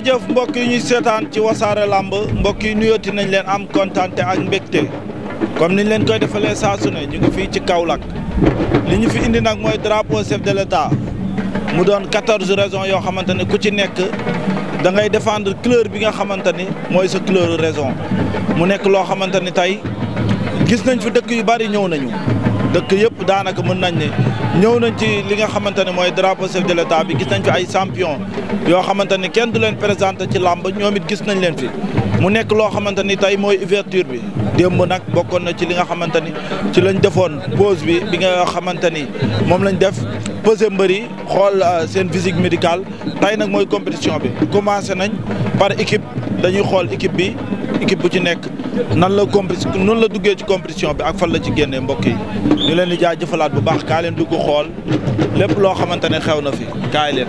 jërëjëf mbokk yi ñuy seetaan ci wasaare làmb mbokk yi nuyooti nañ leen am kontaan te ak mbégte comme niñ leen koy defalee saa su ne ñu ngi fii ci Kaolack li ñu fi indi nag mooy drapeau chef de l'État mu doon quatorze raisons yoo xamante ne ku ci nekk da ngay défendre couleur bi nga xamante ni mooy sa couleur raison mu nekk loo xamante ni tey gis nañ fi dëkk yu bari ñëw nañu. dëkk yëpp daanaka mën nañ ne ñëw nañ ci li nga xamante ne mooy drapeau chef de l'état bi gis nañ fi ay champion yoo xamante ne kenn du leen présenté ci làmb ñoom it gis nañ leen fi mu nekk loo xamante ni tey mooy ouverture bi démb nag bokkoon na ci li nga xamante ni ci lañ defoon pause bi bi nga xamante ni moom lañ def pesé mbër yi xool euh, seen physique médicale tey nag mooy compétition bi commencé nañ par équipe dañuy xool équipe bi équipe bu ci nekk nan la compéti noonu la duggee ci compétition bi ak fan la ci génnee mbokk yi ñu leen di jëfalaat bu baax kaa leen dugg xool lépp loo xamante ne xew na fi kaay leen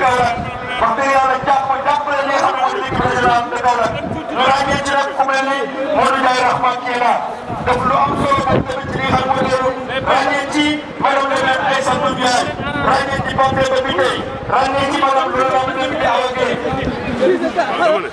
Kaolack wax dëgg yàlla jàpp jàppale li nga xam ne mooy président de Kaolack ñu ràññee ci rek ku mel ni Modou Ndiaye Rahman kii naa def lu am solo boo xamante ni xam nga loolu ràññee ci madame le maire Aïssa Ndoye Ndiaye ràññee ci Pape Demba bi tey ràññee ci madame le maire Ndeye Ndiaye Awa Gueye.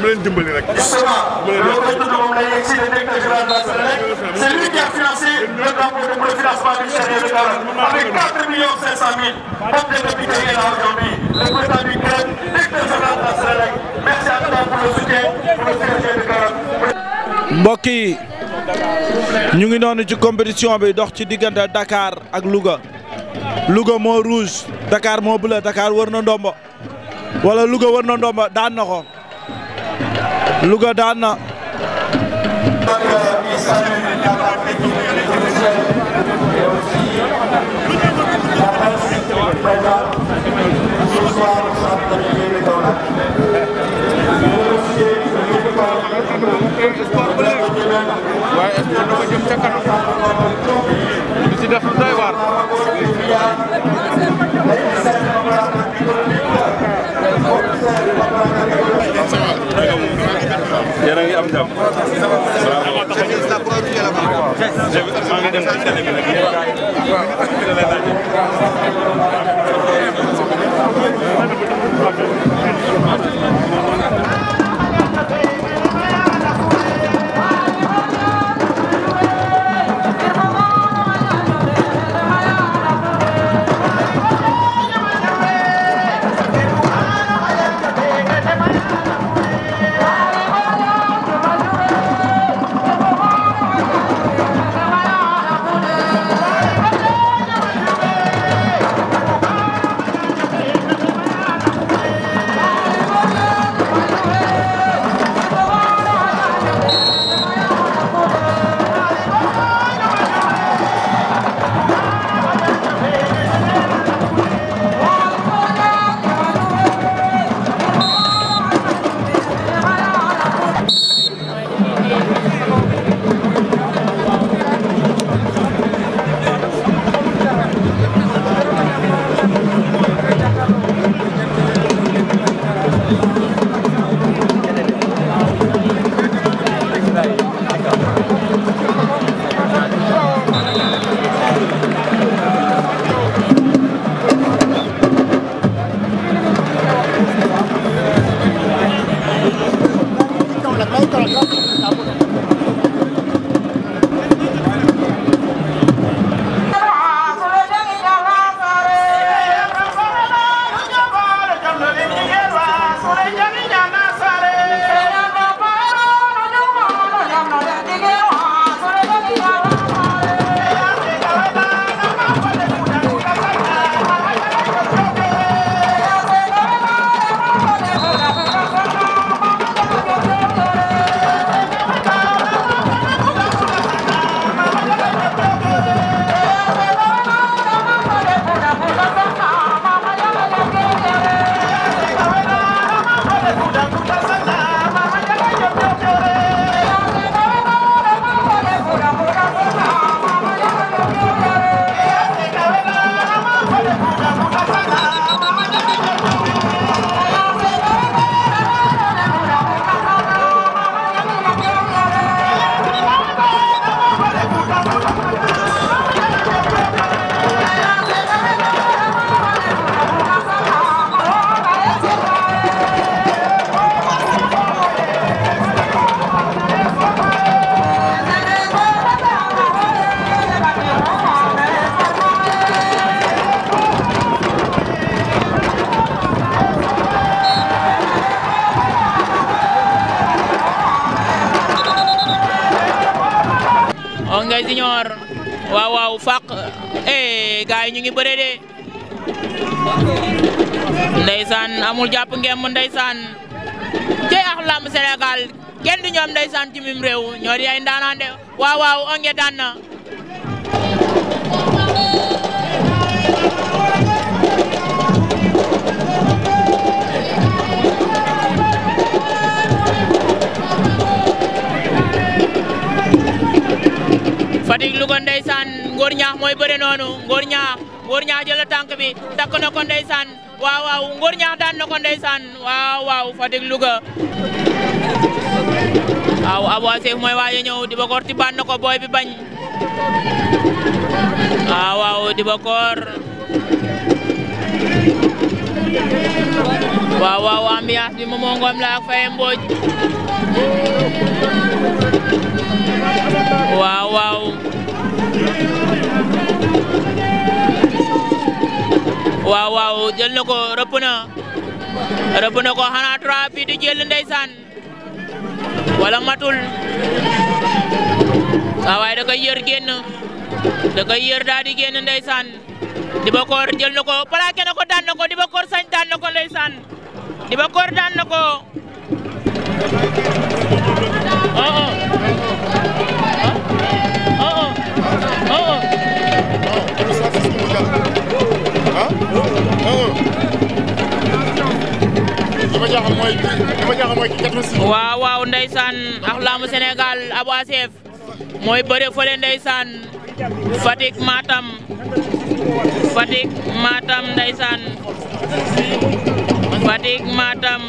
dama leen dimbali rek. justement loolu la ñu tudd moom la ñu si le directeur général de la Sénélec c'est lui qui a financé le rapport de financement ministériel de Kaolack avec 4 millions 500 mille Pape Demba bi tey est là aujourd'hui le président du CREC directeur général de la Sénélec merci à toi pour le soutien pour le CRG e de Kaolack. mbokk yi. ñu ngi noonu ci compétition bi dox ci diggante Dakar ak Louga Louga moo rouge Dakar moo bleu Dakar wër na ndomba walla Louga wër na ndomba daan na ko Louga amul jàpp ngeen mu ndeysaan tey ak lamb Sénégal kenn du ñoom ndeysaan ci mim réew ñoo di ay onge daan na Fatick Louga ndeysaan ngóor ñaax mooy bëre noonu ngóor ñaax ngóor waaw waaw Ngor ñaax na ko ndeysaan waaw waaw Fatick Louga waaw Abou Seif mooy waaj a ñëw Dibakor na ko booy bi bañ waaw waaw Dibakor waaw waaw bi moom moo ngoom la ak Faye waaw waaw jël na ko rëpp na rëpp ko xanaa trois bi di jël ndeysaan wala matul saa waaye da koy yër génn da koy yër daal di génn ndeysaan jël na ko plaqué na ko daan na ko Dibakor sañ daan na ko ndeysaan Dibakor daan na ko oh oh, oh, oh. oh ah li ma jaaxal mooy li ma jaaxal mooy ci 86. waaw waaw ndeysaan ak laamu Sénégal Abou Assef mooy bëre fële ndeysaan Fatick Matam Fatick Matam ndeysaan Fatick Matam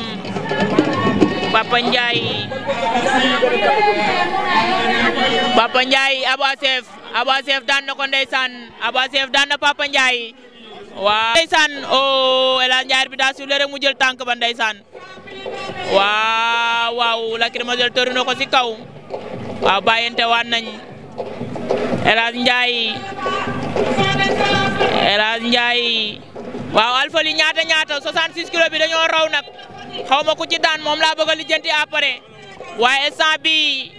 Papa Ndiaye Papa Ndiaye Abou Assef Abou Assef daan na ko ndeysaan Abou Assef daan na Papa Ndiaye waaw ndeysaan o oh, El Hadj Ndiaye bi daa sifflé rek mu jël tànk ba ndeysaan waaw waaw lacrymogène na ko si kaw waaw bàyyante waan nañ El Hadj Ndiaye El Hadj Ndiaye waaw ñaata ñaata 66 kilos bi dañoo raw nag xaw ma ku ci daan moom laa bëgg a lijjanti après waaye instant bi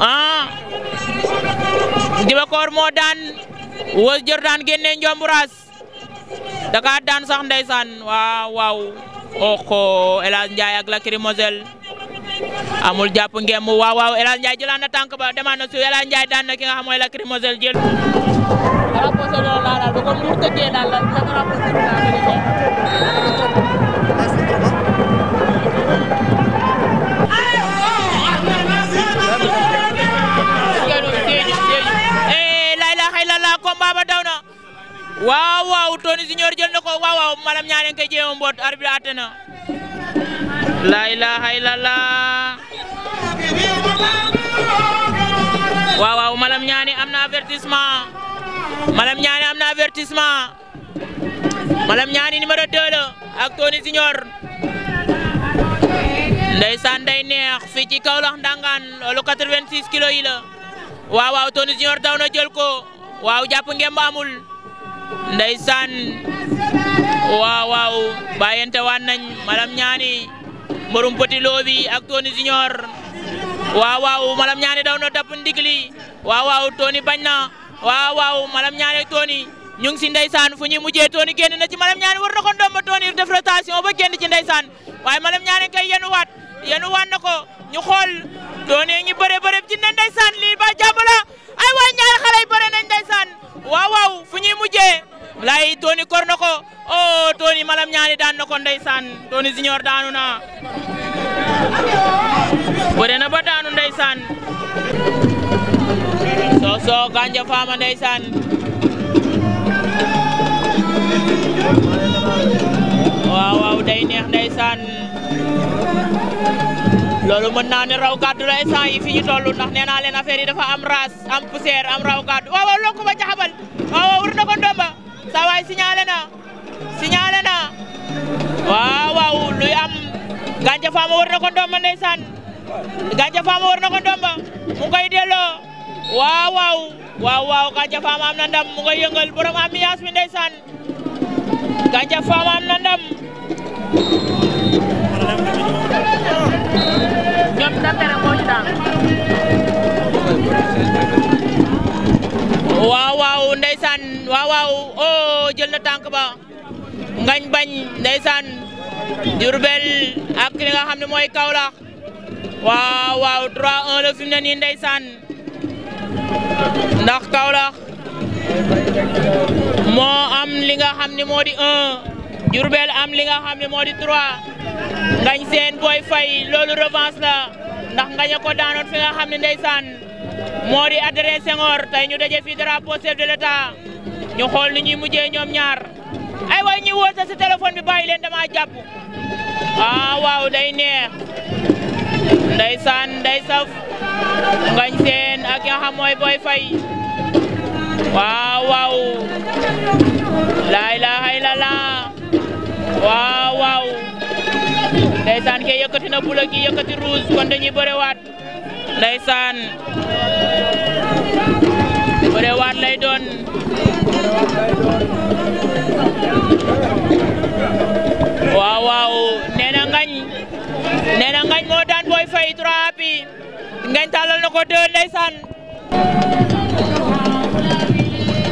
ah Dibakor moo daan Wos Jordan génne Ndiombouraas da kaa daan sax ndeysaan waaw waaw oxo El Hadj Ndiaye ak lacrymogène amul jàpp ngeen mu waaw waaw El Hadj Ndiaye na tànk ba demaat na suuf El Hadj daan na nga xam eh, la nga rapporté laa la. lay la xëy la waa waaw Tony Junior jël na ko waaw waaw malam ñaare nga koy jéem a mboot arbitre laa ilaaha illallah waaw waaw malam ñaane am na avertissement malam ñaane am na avertissement malam ñaane numéro 2 la ak Tony Junior ndeysaan day neex fii ci Kaolack ndangaan loolu 86 kilos yi la waaw waaw Tony daw na jël ko waaw jàpp ngeen ba amul. ndeysaan waaw waaw bàyyante waan nañ malam ñaani mborum petit lo bi ak Tony Junior waa waaw malam ñaani daw na dapp ndigli waaw waaw Tony bañ na waa waa malam ñaani ak Tony ñu ngi si ndeysaan fu ñuy mujjee Tony génn na ci malam ñaani war na ko ndomba Tony def rotation ba génn ci ndeysaan waaye malam ñaani kay yenu waat yenu waat na ko ñu xool Tony ngi bëre bëre ci ne ndeysaan ay waay ñaari xale yi bëre waaw waaw fu ñuy mujjee lay Tony kor na ko oh malam ñaani daan na ko ndeysaan Tony Junior daanu na bëre na ba daanu ndeysaan Sossokh Gandia Fama ndeysaan waaw waaw day neex ndeysaan loolu mën naa raw gàddu la fi ñu toll ndax nee naa leen dafa am raas am poussière am raw gàddu waaw waaw ba jaxabal waaw wër na ko ndomba saa waay signalé na signalé na waaw luy am gàncax faama wër na ko ndomba ndeysaan gàncax delloo waaw waaw waaw faama am na ndam mu koy yëngal borom ambiance bi ndeysaan gàncax faama am na ñoom sa tere waaw waaw ndeysaan waaw waaw oh jël na tànk ba ngañ bañ ndeysaan Diourbel ak li nga xam ne mooy Kaolack waaw waaw 3-1 la fi ne nii ndeysaan ndax Kaolack moo am li nga xam ne moo di 1 Diourbel am li nga xam ne moo di 3 ngañ seen booy fay loolu revanche la ndax ngañ a ko daanoon fi nga xam ne ndeysaan moo di adresse Senghor tey ñu daje fii drapeau chef de l'état ñu xool ni ñuy mujjee ñoom ñaar ay way ñuy woote si téléphone bi bàyyi leen dama jàpp ah day neex ndeysaan day saf ngañ seen ak nga xam booy fay waaw waaw laa ilaaha illallaah waaw waaw ndeysaan ke yëkkati na bula ki yëkkati rouge kon na ngañ nee na ngañ moo daan booy fay trois bi ngañ tàllal na ko deux ndeysaan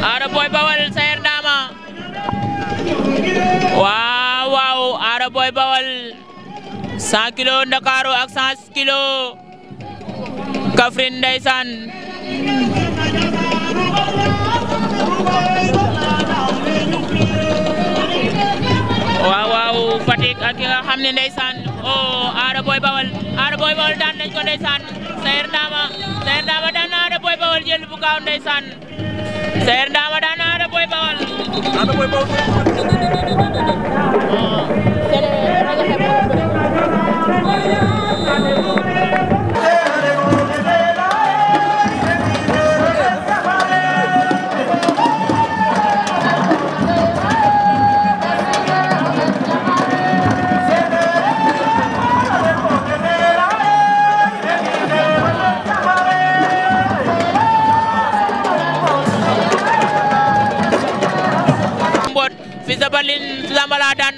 aara booy bawal sayer daama waaw 100 kilos Ndakaaru ak 100 kilos Kaffrine ndeysaan waaw waaw Fatick ak ki nga xam ne ndeysaan oh Ada Boy Bawal Ada daan nañ ko ndeysaan Sayer Ndama Sayer Ndama daan na Ada Boy Bawal jël bu gaaw ndeysaan Sayer Ndama daan na Ada Boy Baol. Ada Boy Baol. Ah. Sele rajo xeetu.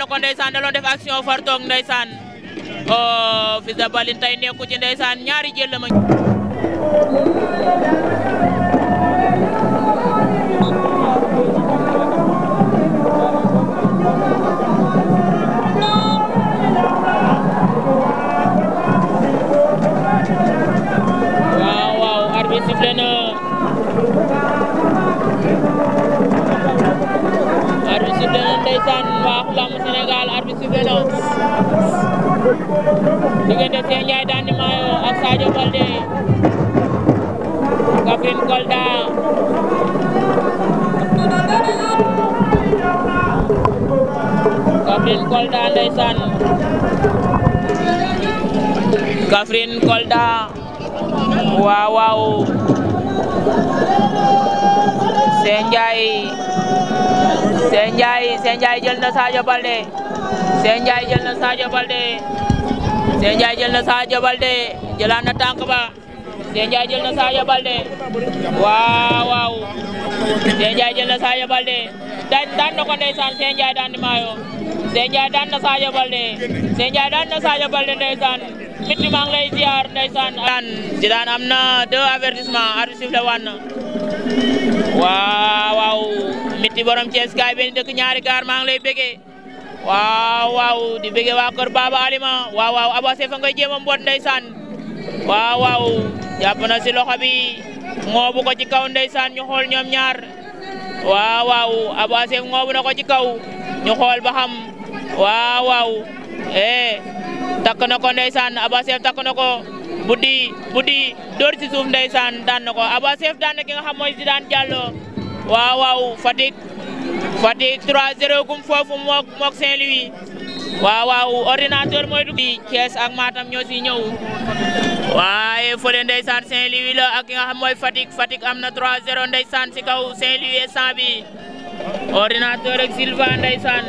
na ko ndeysaan da doon def action far toog ndeysaan oh Fils de Baline tey nekku ci ndeysaan ñaari jël la ma Kaffrine Kolda waaw waaw Seen Ndiaye Seen na Sadio Balde Seen Ndiaye na Sadio Balde Seen Ndiaye jël na na tànk ba Balde waaw waaw Seen na Sadio Balde daan daan na ko ndeysaan Seen Ndiaye daan na maayo Seen na Sadio Balde Seen Ndiaye Bintu maa ngi lay ziar ndeysaan. Zidane am na deux avertissements arbitre sifflé waat na waaw Miti borom Thiès kaay benn dëkk ñaari gaar maa ngi lay bëggee waaw waaw di bëggee waa kër Baba Alima waaw waaw Abasé fa ngay jéem a mboot ndeysaan waaw waaw na si loxo bi ngoobu ko ci kaw ndeysaan ñu xool ñoom ñaar waaw waaw Abasé ngoobu na ko ci kaw ñu xool ba xam waaw eh. takk na ko ndeysaan Abba takk na ko bu di bu di dóor ci daan na ko Abba Chef daan na ki a xam mooy Zidane Diallo waaw waaw Fatick Fatick 3-0 gum foofu mook mook Saint-Louis waaw waaw ordinateur mooy ak Matam ñoo si ñëw waaye fële ndeysaan Saint-Louis la ak ki nga xam mooy Fatick Fatick am na 3-0 ndeysaan si kaw Saint-Louis bi ordinateur ak Sylvain ndeysaan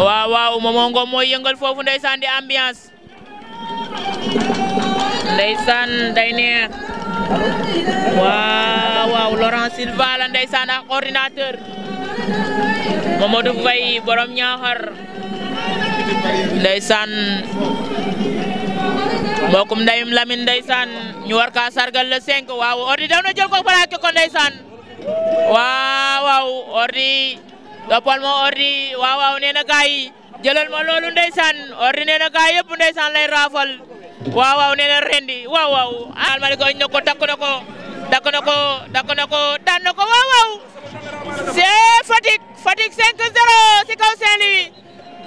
waaw waaw Momo mooy yëngal foofu ndeysaan di ambiance ndeysaan day neex waaw waaw Laurent Silva la ak ordinateur Mamadou Faye borom Ñaaxar ndeysaan mbokkum ndeyum Lamine ndeysaan ñu war ka sargal le 5 waaw ordi daw na jël ko plaqué ko ndeysaan waaw waaw ordi toppal ma ordi waaw waaw nee na gaa yi jëlal ma loolu ndeysaan ordi nee na gaa yëpp ndeysaan lay raafal waaw nee na rendi waaw waaw almalikoy takk na ko dakk na ko dakk na ko daan na ko waaw waaw si kaw Saint-Louis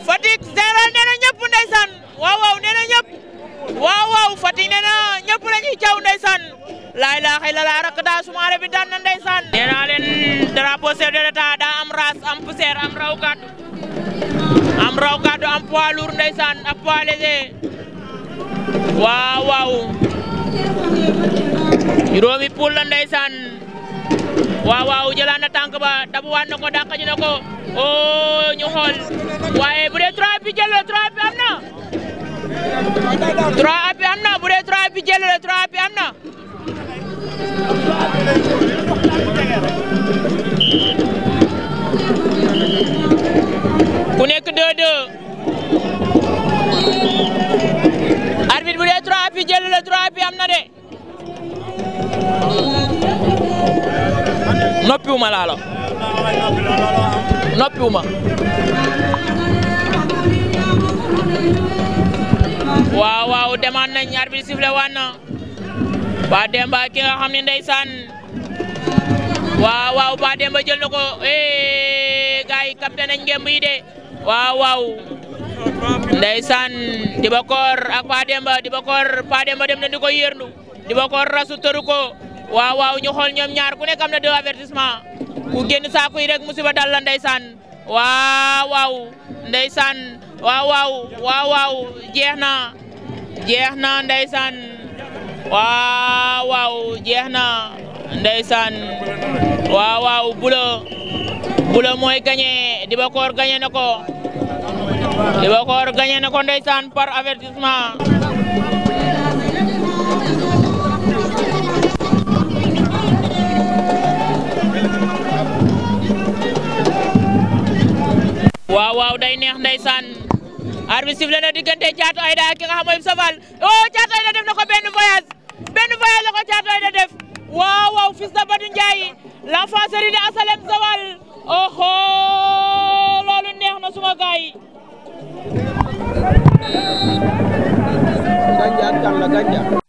Fatick 0 nee na ñëpp ndeysaan waaw waaw nee na ñëpp waaw waaw nee na ñëpp la ñuy caw laay laa xëy la laa rakk daa sumaare bi daan na ndeysaan. nee naa am raas am poussière am raw gàddu am am poids lourd ndeysaan ak poids léger waaw waaw juróomi poul la ndeysaan waaw waaw jëlaat na tànk ba dabuwaat na ko dàqañu na oo oh, ñu waaye bu dee trois bi jël la trois bi am na trois bi ku nekk 2-2 arbitre bu dee 3 appuis jël am na de noppiwuma laa la noppiwuma waaw demaan nañ arbitre sifflé Pa Demba ki nga xam ne ndeysaan waaw waaw Pa Demba jël na ko eh, gars yi capté nañ ngemb yi de waaw waaw ndeysaan Dibakor ak Pa Demba Dibakor Pa Demba dem na di ko yërndu Dibakor rasu tëru ko waaw waaw ñu xool ñoom ku nekk am na deux avertissement ku génn saako yi rek musiba dal la ndeysaan waaw waaw ndeysaan waaw waaw waaw jeex na jeex na ndeysaan waaw waaw jeex na ndeysaan waaw waaw bula bula mooy gagné Dibakor gagné na ko Dibakor gagné na ko ndeysaan par avertissement waaw waaw day neex ndeysaan arbitre sifflé na diggante Thiatou Aïda ak nga xam mooy Moussa Fall oh Thiatou ko benn voyage benn voyage la ko Thiatou Aïda def waaw waaw fils de Badou Ndiaye l'enfant chéri loolu neex na suma gaay yi ganja kan la ganja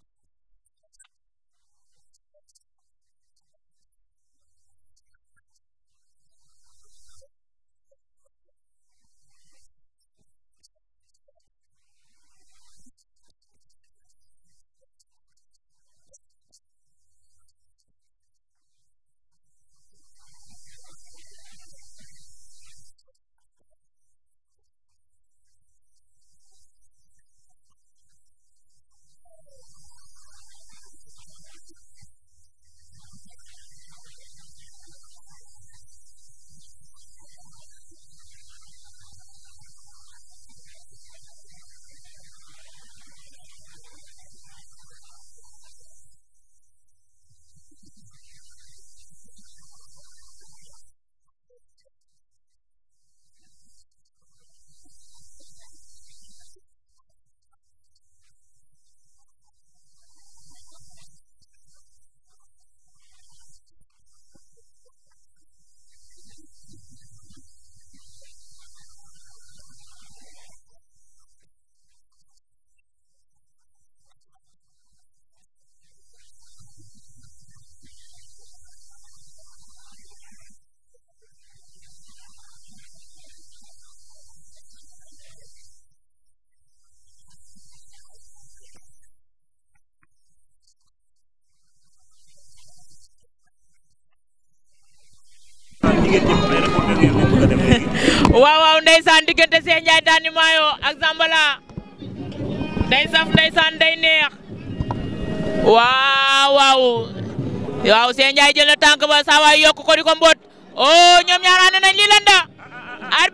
waaw waaw ndeysaan diggante Cheikh Ndiaye Dany Mayo ak Zambala day saf ndeysaan day neex waaw waaw waaw Cheikh jël na tànk ba saa yokk ko di ko mbot oh, ñoom ñaar nañ lii lan da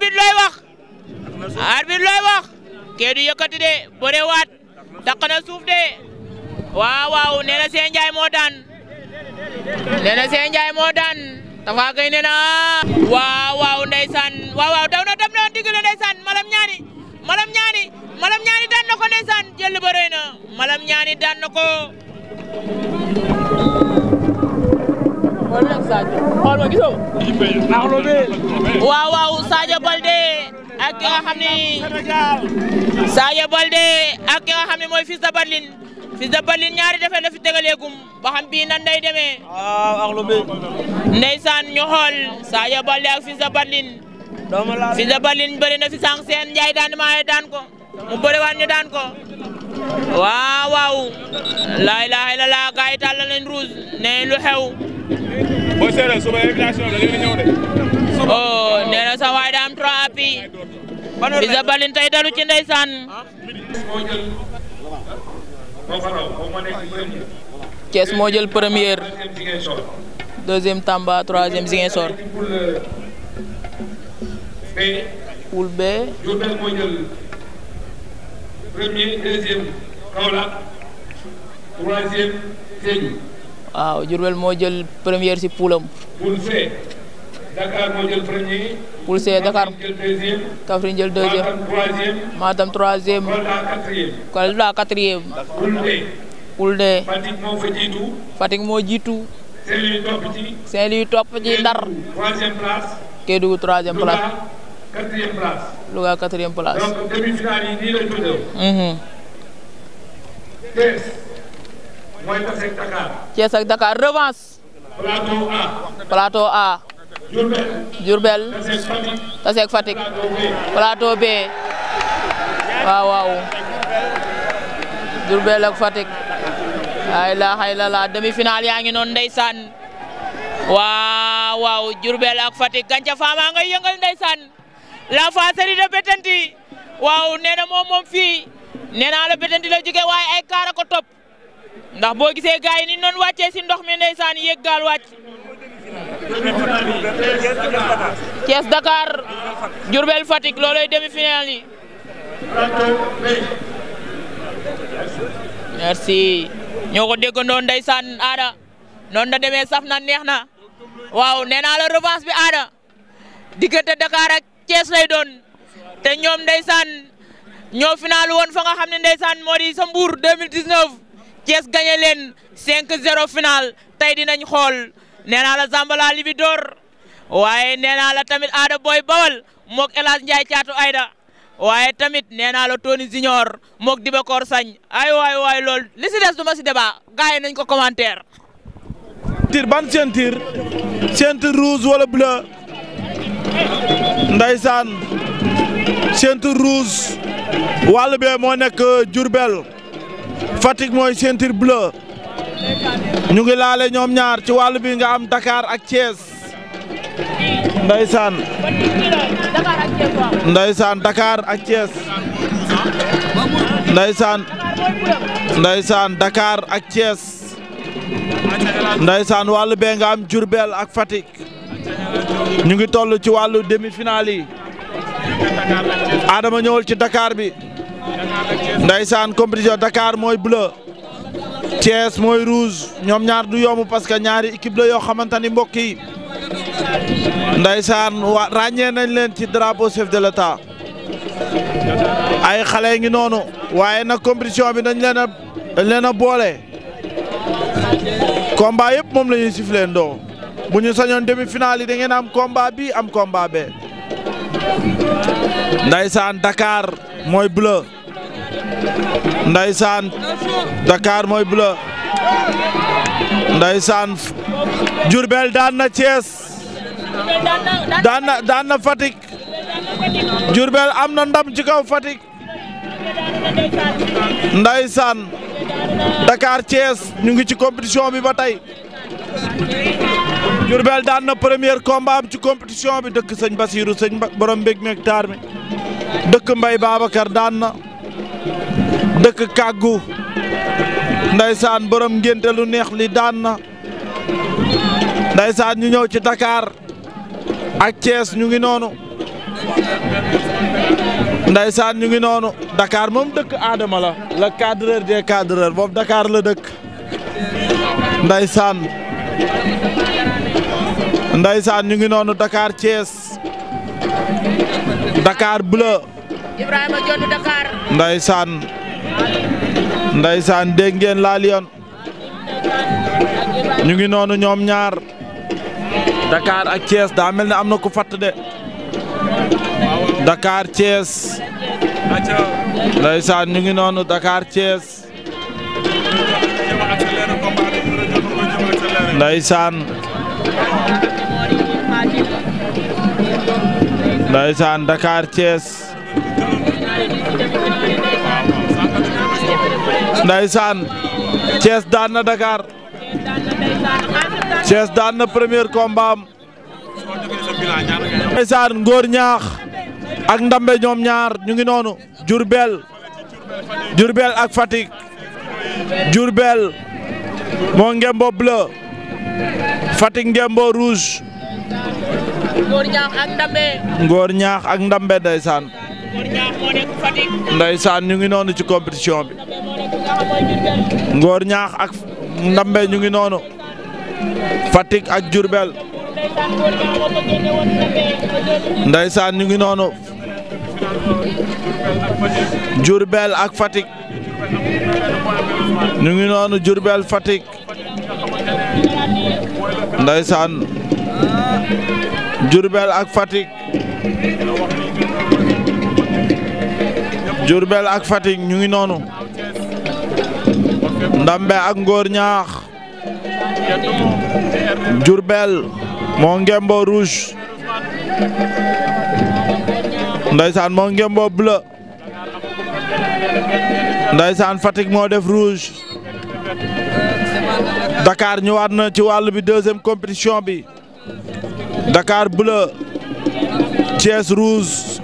looy wax arbitre looy wax kee du de bëre waat takk na suuf de waaw waaw nee na moo daan nee na Cheikh moo daan Tapha Gueye nee na waaw waaw daw na dem na digale ndeysaan malam ñaani malam ñaani daan na ko ndeysaan jël malam ñaani daan na ko waaw Balde ak nga xam ne Balde ak nga xam ne mooy Fils de Batling ñaari defee la fi ba xam bii nan lay demee. waaw ah, ak lu bi. ndeysaan ak Fils de Batling. doomu laa Fils de sànq seen Ndiaye daan maa daan ko mu bëriwaat ñu daan ko. waaw waaw. laa ilaaha illallaah gars yi tàllal lu xew. booy seede oh, sa waay daa am trois appui. Fils de dalu ci ndeysaan. Ah, Thiès moo jël première deuxième Tamba troisième Ziguinchor. poule B. Diourbel moo jël premier deuxième première ci poulam. Dakar moo jël premier. Dakar. Kaffrine jël deuxième. Matam troisième. Kolda quatrième. Koulde. Fatick moo fa jiitu. Fatick moo jiitu. Ndar. troisième place. Kédougou troisième place. quatrième place. Louga quatrième mhm. Dakar. Thiès ak A. Diourbel taseeg Fatick plateau B waaw waaw Diourbel ak Fatick ay la xay la demi-finale yaa ngi noonu ndeysaan waaw waaw Diourbel ak Fatick Gandia Fama ngay yëngal ndeysaan la fa série de Bettenty waaw nee moom moom fii nee naa la Bettenty la jóge waaye ay kaara ko topp ndax boo gisee gars yi ni ñu doon si ndox mi ndeysaan yéeg gaal wàcc Thiès Dakar Diourbel Fatick looloy demi-finale yi merci ñoo ko déggandoo ndeysaan aada noonu la demee saf na neex na waaw nee naa la bi aada diggante Dakar cees lay doon te ñoom ndeysaan ñoo final woon fa nga xam ne ndeysaan moo di sa Mbour 2019 Thiès gagné leen 5-0 final tey dinañ xool nee naa la Zambala li bi door waaye nee naa la tamit Ada Boy Bawal moog El Hadj caatu Ayda waaye tamit nee naa la Tony Junior moog Dibakor Sagne ay waay waay loolu li si des du si débat gars yi nañ ko commentaire. tiir ban ceinture ceinture rouge wala bleu ndaysaan ceinture rouge wàll bee moo nekk Diourbel Fatick mooy ceinture bleu. ñu ngi laale ñoom ñaar ci wàllu bi nga am dakaar ak Thiès ndeysaan ndeysaan dakaar ak Thiès ndeysaan ndeysaan Dakar ak Thiès ndeysaan wàllu bee nga am Diourbel ak Fatick ñu ngi toll ci wàllu demi-finale yi Adama ñëwal ci dakaar bi ndeysaan compétition dakaar mooy bleu Thiès mooy rouge ñoom ñaar du yomb parce que ñaari équipe la yoo xamante ni mbokk yi ndaysaan wa ràññee nañ leen ci drapeau chef de l'État ay xale ngi noonu waaye nag compétition bi dañ leen a dañ leen a boole combat yëpp moom la ñuy siffler ndoo bu ñu sañoon demi-finale yi da ngeen am combat bi am combat be ndaysaan Dakar mooy bleu. ndaysaan Dakar mooy bleu ndaysaan Diourbel daan na Thiès daan na daan na am na ndam ci kaw fatik ndaysaan Dakar Thiès ñu ngi ci compétition bi ba tey Diourbel daan na premier combat ci compétition bi dëkk sëñ Basiirou sëñ borom mbég meeg mi dëkk Mbaye Babacar daan na dëkk kàggu ndaysaan borom ngénte lu neex li daan na ndaysaan ñu ñëw ci dakaar ak Thiès ñu ngi noonu ndaysaan ñu ngi noonu dakaar moom dëkk aadama la la cadreur des cadreurs boobu Dakar la dëkk ndaysaan ndaysaan ñu ngi noonu Dakar Thiès Dakar bleu Ibrahima Jonn Dakar. ngeen laa ñu ngi noonu ñoom ñaar dakaar ak Thiès daa mel ni am na ku fatt de Dakar Thiès Ndeysaan ñu ngi noonu dakaar Thiès Ndeysaan Ndeysaan Dakar Thiès Ndeysaan Thiès daan Dakar Thiès daan premier combat am Ndeysaan Ngor Ñaax ak Ndambe ñoom ñaar ñu ngi noonu Diourbel Diourbel ak Fatick Diourbel moo ngembo bleu Fatick ngembo rouge Ngor Ñaax ak Ndambe Ngor ndaysaan ñu ngi noonu ci compétition bi Ngor Ñaax ak Ndambe ñu ngi noonu fatik ak Diourbel ndeysaan ñu ngi noonu Diourbel ak fatik ñu ngi noonu Diourbel Fatick ndeysaan Diourbel ak fatik Diourbel ak Fatick ñu ngi noonu Ndambe ak Ngor Ñaax Diourbel moo ngembo rouge ndaysaan moo ngembo bleu ndaysaan Fatick moo def rouge Dakar ñëwaat na ci wàll bi deuxième compétition bi Dakar bleu Thiès rouge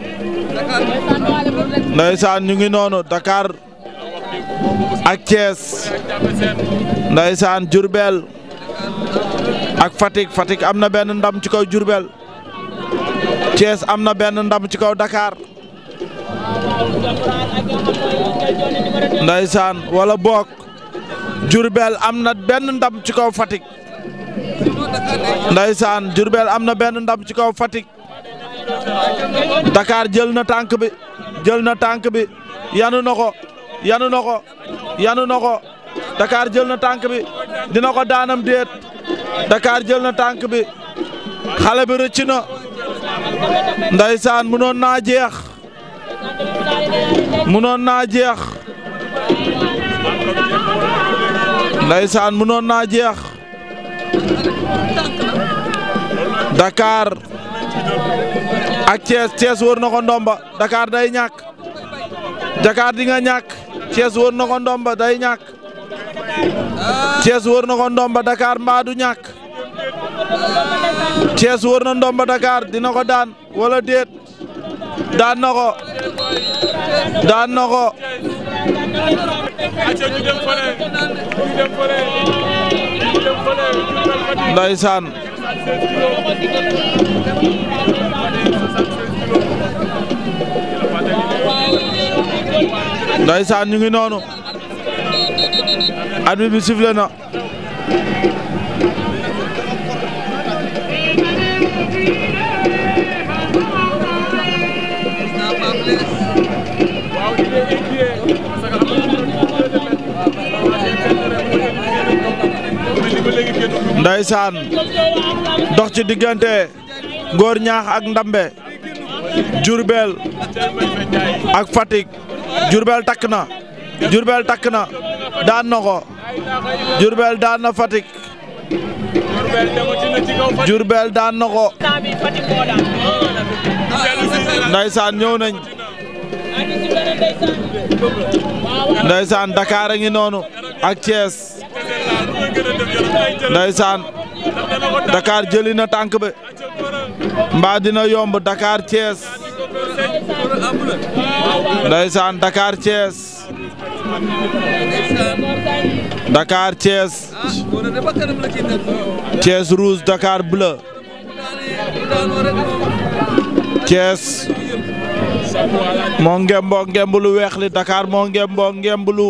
ndaysaan ñu ngi noonu dakaar ak Thiès ndaysaan Diourbel ak Fatick fatik am na benn ndam ci kaw Diourbel Thiès am na benn ndam ci kaw Dakar ndaysaan wala book Diourbel am na benn ndam ci kaw fatik ndaysaan Diourbel am na benn ndam ci kaw fatik dakaar jël na tànk bi jël na tànk bi yanu na ko yanu na ko yanu na ko Dakar jël na tànk bi dina ko daanam déet dakaar jël na tànk bi xale bi rëcc na ndaysaan mënoon naa jeex mënoon naa jeex ndaysaan mënoon naa jeex dakaar ak Thiès Thiès wër na ko ndomba Dakar day ñàkk Dakar di nga ñàkk Thiès wër na ko ndomba day ñàkk Thiès wër na ko ndomba Dakar mbaa du ñàkk Thiès na ndomba Dakar dina ko daan wala déet daan na ko daan na ko ndeysaan ndeysaan ñu ngi noonu arbitre bi sifflé na Ndeysaan dox ci diggante Ngor Ñaax ak Ndambe Diourbel ak Fatick Diourbel takk na Diourbel takk na daan na ko daan na Fatick Diourbel daan na ko ndaysaan ñëw nañ ndaysaan Dakar a ngi noonu ak Thiès ndaysaan Dakar jëli na tànk ba mbaa dina yomb Dakar Thiès ndeysaan dakaar Thiès Dakar Thiès Thiès rouge Dakar bleu Thiès moo ngemboo ngemb lu weex li Dakar moo ngemboo ngemb lu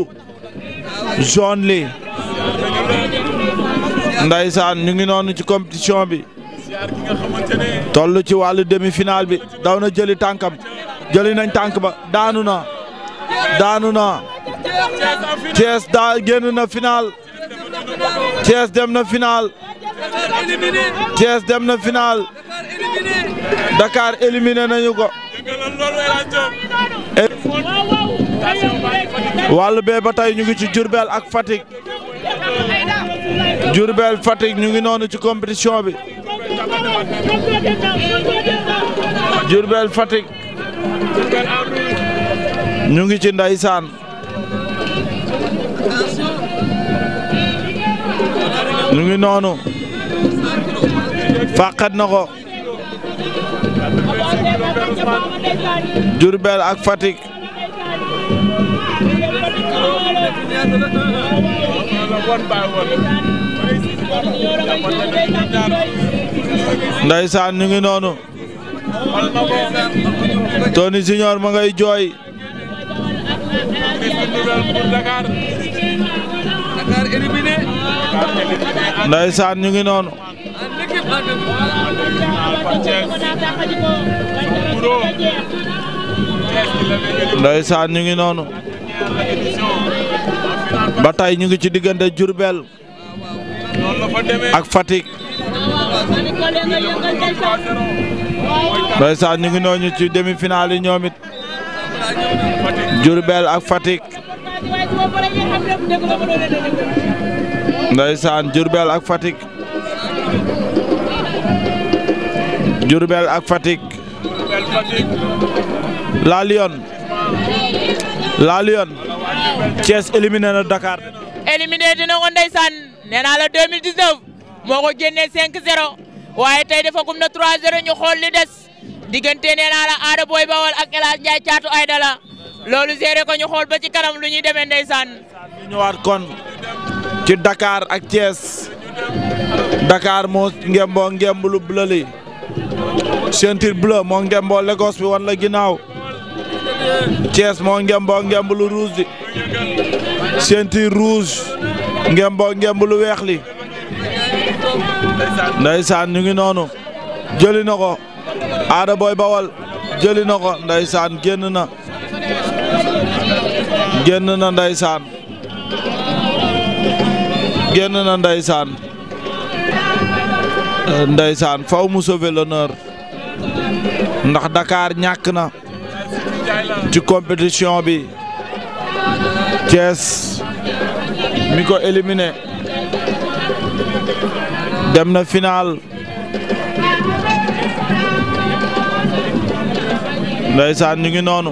jaune li ndeysaan ñu ngi noonu ci compétition bi toll ci wàllu demi finaal bi daw na jëli tànkam jëli nañ tànk ba daanu na daanu na Thiès daa génn na final Thiès dem na finaal Thiès dem na final Dakar éliminé nañu ko wàllu bee ba tey ñu ngi ci Diourbel ak Fatick Diourbel Fatick ñu ngi noonu ci compétition bi Diourbel Fatick ñu ngi ci ndeysaan ñu ngi noonu fàqat na ko ak Fatick ndeysaan ñu ngi noonu Tony Junior ma ngay jooy ndeysaan ñu ngi noonu ndeysaan ñu ngi noonu ba tey ñu ngi ci diggante Diourbel ak Fatick ndeysaan ñu ngi nooñu ci demi-finale yi ñoom ak fatik ndeysaan Diourbel ak Fatick Diourbel ak Fatick La Lyon La Lyon Thiès éliminé Dakar éliminé dina ko ndeysaan nee la moo ko génnee 5-0 waaye tey defagum na 3-0 ñu xool li des diggante nee naa la Ada Boy Bawol caatu ay loolu géré ko ñu xool ba ci kanam lu ñuy demee ndeysaan. ñu ñëwaat kon ci Dakar ak Thiès dakaar moo ngemboo ngemb lu bleu li moo ngemboo Lagos bi wan la ginnaaw Thiès moo ngemboo ngemb lu di ceinture rouge ngemboo ngemb weex li. ndeysaan ñu ngi noonu jëli na ko aada booy bawal jëli na ko ndeysaan génn na génn na ndeysaan génn na ndeysaan euh, ndeysaan faw mu sauver l'honneur ndax dakaar ñàkk na ci compétition bi Thiès mi ko éliminé dem na final ndeysaan ñu ngi noonu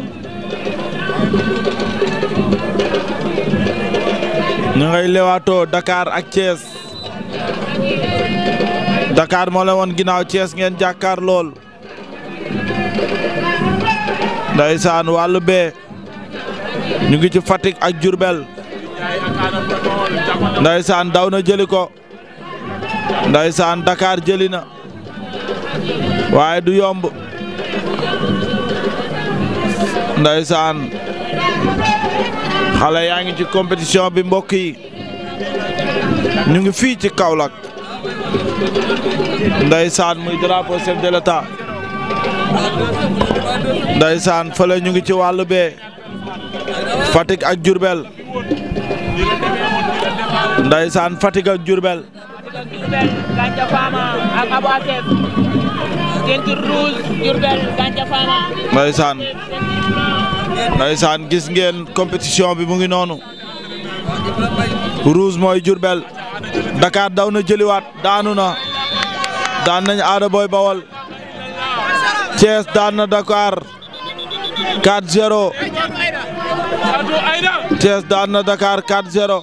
ñu ngay lewaatoo Dakar ak Thiès Dakar moo leen ginnaaw Thiès ngeen jàkkaar lool ndeysaan wàllu bee ñu ngi ci fatik ak Diourbel ndeysaan daw na jëli ko ndaysaan Dakar jëli na waaye du yomb ndaysaan xale yaa ngi ci compétition bi mbokk yi ñu ngi fii ci Kaolack ndaysaan muy drapeau chef de l'État ndaysaan fale ñu ngi ci wàllu bee Fatick ak Diourbel ndaysaan Fatick ak Diourbel ak Diourbel Gandia gis ngeen compétition bi mu ngi noonu rouge mooy Diourbel Dakar daw na jëliwaat daanu na daan nañ Ada Boy Bawol Thiès daan na Dakar 4-0 Thiès daan na Dakar 4-0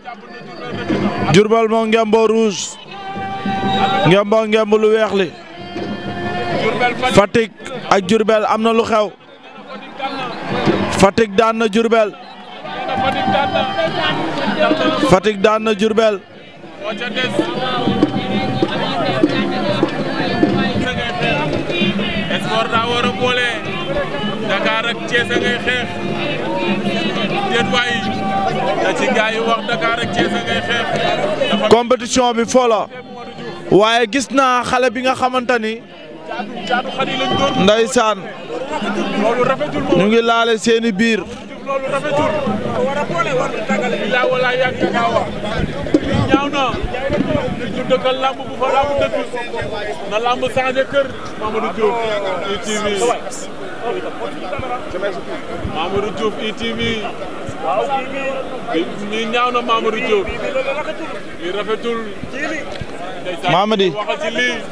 Diourbel moo ngemboo rouge ngemboo ngemb lu weex li ak Diourbel am na lu xew Fatick daan na Diourbel Fatick daan na Diourbel Dakar ak Thiès ngay xeex déet waay da ci gars wax Dakar ak Thiès ngay xeex. compétition bi foo waaye gis naa xale bi nga xamante ni ndeysaan ñu ngi laale seeni biir. ñaaw na ñu dëkkal lamb bu fa lamb dëkkul na lamb changé kër Mamadou Diouf ITV e Mamadou Diouf ITV e ñii ñaaw na Mamadou Diouf lii rafetul Mamadi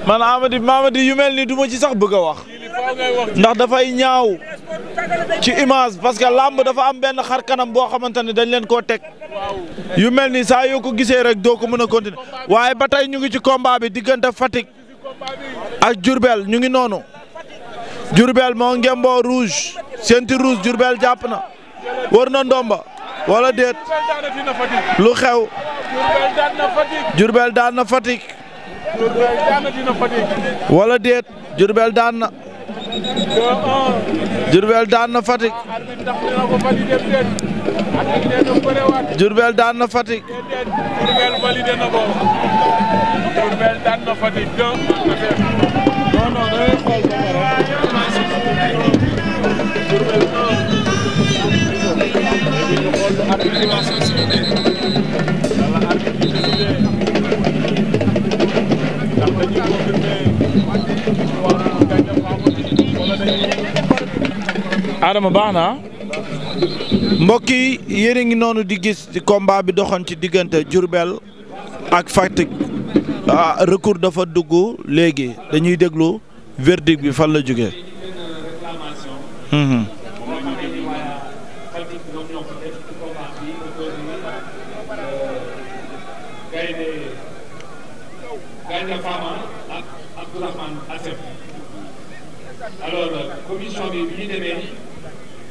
man Amady Mamadi yu mel ni du ma ci sax bëgg a wax ndax dafay ñaaw ci image parce que làmb dafa am benn xar kanam boo xamante ne dañ leen koo teg yu mel ni saa yoo ko gisee rek doo ko mën a continuer waaye ba tey ñu ngi ci combat bi diggante Fatick ak Diourbel ñu ngi noonu Diourbel moo ngemboo rouge ceinture rouge Diourbel jàpp na wër na ndomba wala déet lu xew Diourbel daan na Fatick wala déet Diourbel daan na Diourbel daan na Fatick Adama baax na mbokk yi yéen ngi noonu di gis ci komba bi doxoon ci diggante Diourbel ak Fatick ah recours dafa dugg léegi dañuy déglu verdict bi fan la jóge mhm.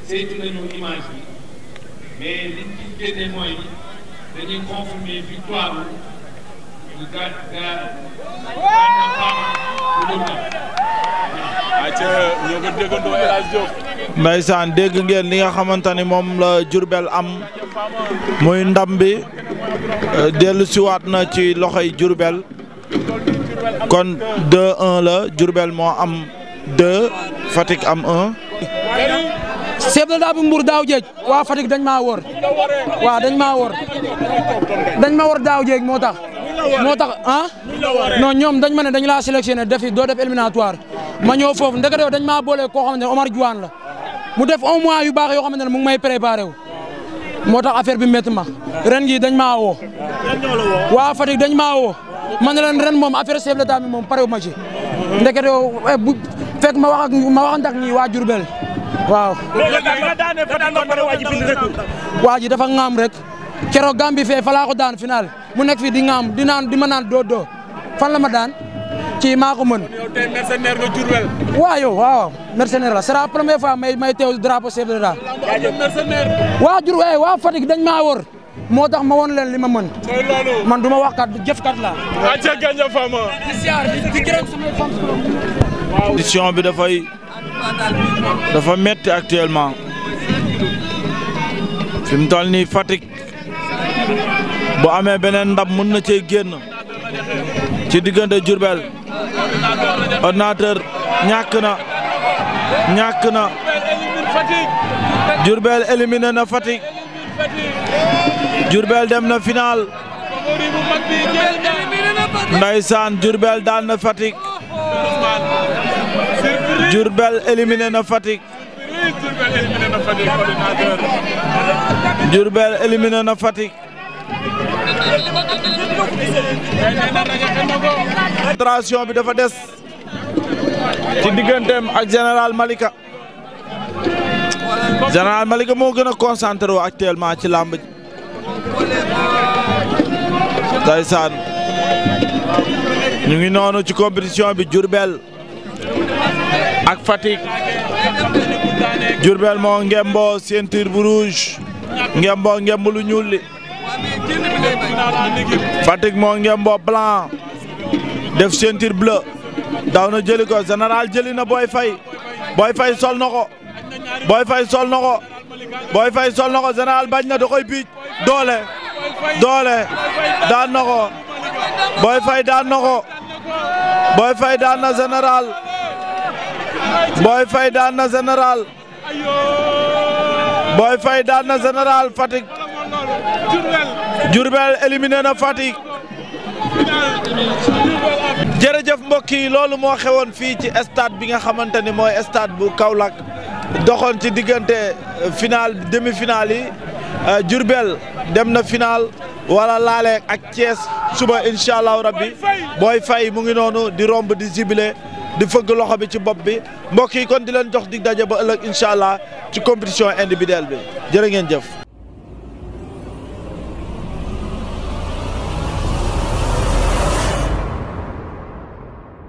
saytu dégg ngeen li nga xamante ni moom la Jurbel am muy ndam bi dellu siwaat na ci loxoy Jurbel kon 2-1 la Jurbel moo am 2 Fatick am 1. chef de bu daaw jeej waa Fatick dañ maa woor waaw dañ maa wor ma wor daaw jeej moo tax moo tax ah non ñoom dañ ma ne dañ laa sélectionné defi doo def éliminatoire ma ñëw foofu ndekete yow dañ maa boole koo xamante ne Omar Diouane la mu def un mois yu baax yoo xamante ne mu ngi may préparé wu moo tax affaire bi métti ma ren gi dañ maa woo waa Fatick dañ maa woo man ne leen ren moom affaire chef de moom pare wu ma ci ndekete yow eh, fek ma wax ak ma waxante ñi waa Diourbel waaw. waa ji dafa ŋaam rek keroog Gambie fee fa laa ko daan final mu nekk fi di ŋaam di naan di ma naan doo fan la ma daan ci maa ko mën. waaw yow waaw mercenaire la c'est la première fois may may teew drapeau chef de waa jur waaye eh, waa Fatick dañ maa wër moo tax ma woon le li ma mën. man du ma waxkat jëfkat laa. waa Cheikh Gandia Fama. di siyaar di gërëm bi dafay. dafa metti actuellement fi mu toll nii Fatick bu amee beneen ndam mën na cee génn ci diggante Diourbel ordinateur ñàkk na ñàkk na Diourbel éliminé na Fatick Diourbel dem na final Ndeysaan Diourbel daan na Diourbel éliminé na Fatick. Diourbel éliminé na Fatick. concentration bi dafa des ci digganteem ak général Malika général Malika moo gën a concentré wu actuellement ci làmb ji ñu ngi noonu ci compétition bi Diourbel ak Fatick Diourbel moo ngembo ceinture bu rouge ngembo ngemb lu ñuul li Fatick moo ngembo blanc def ceinture bleu daw na jëli ko général jëli na Boy Faye Boy Faye sol na ko Boy Faye sol na ko Boy bañ na da koy doole doole daan na ko Boy Faye daan na ko Boy Faye daan na général Boy Faye daan na général Fatick jërëjëf mbokk yi loolu moo xewoon fii ci stade bi nga xamante ni mooy stade bu Kaolack doxoon ci diggante final demi-finale yi euh, Diourbel dem na final wala laale ak Thiès suba incha allahu rabbi Boy Faye mu ngi noonu di romb di jibile di fëgg loxo bi ci bopp bi mbokk yi kon di leen jox dig daje ba ëllëg incha allah ci compétition individuelle bi jërë ngeen jëf.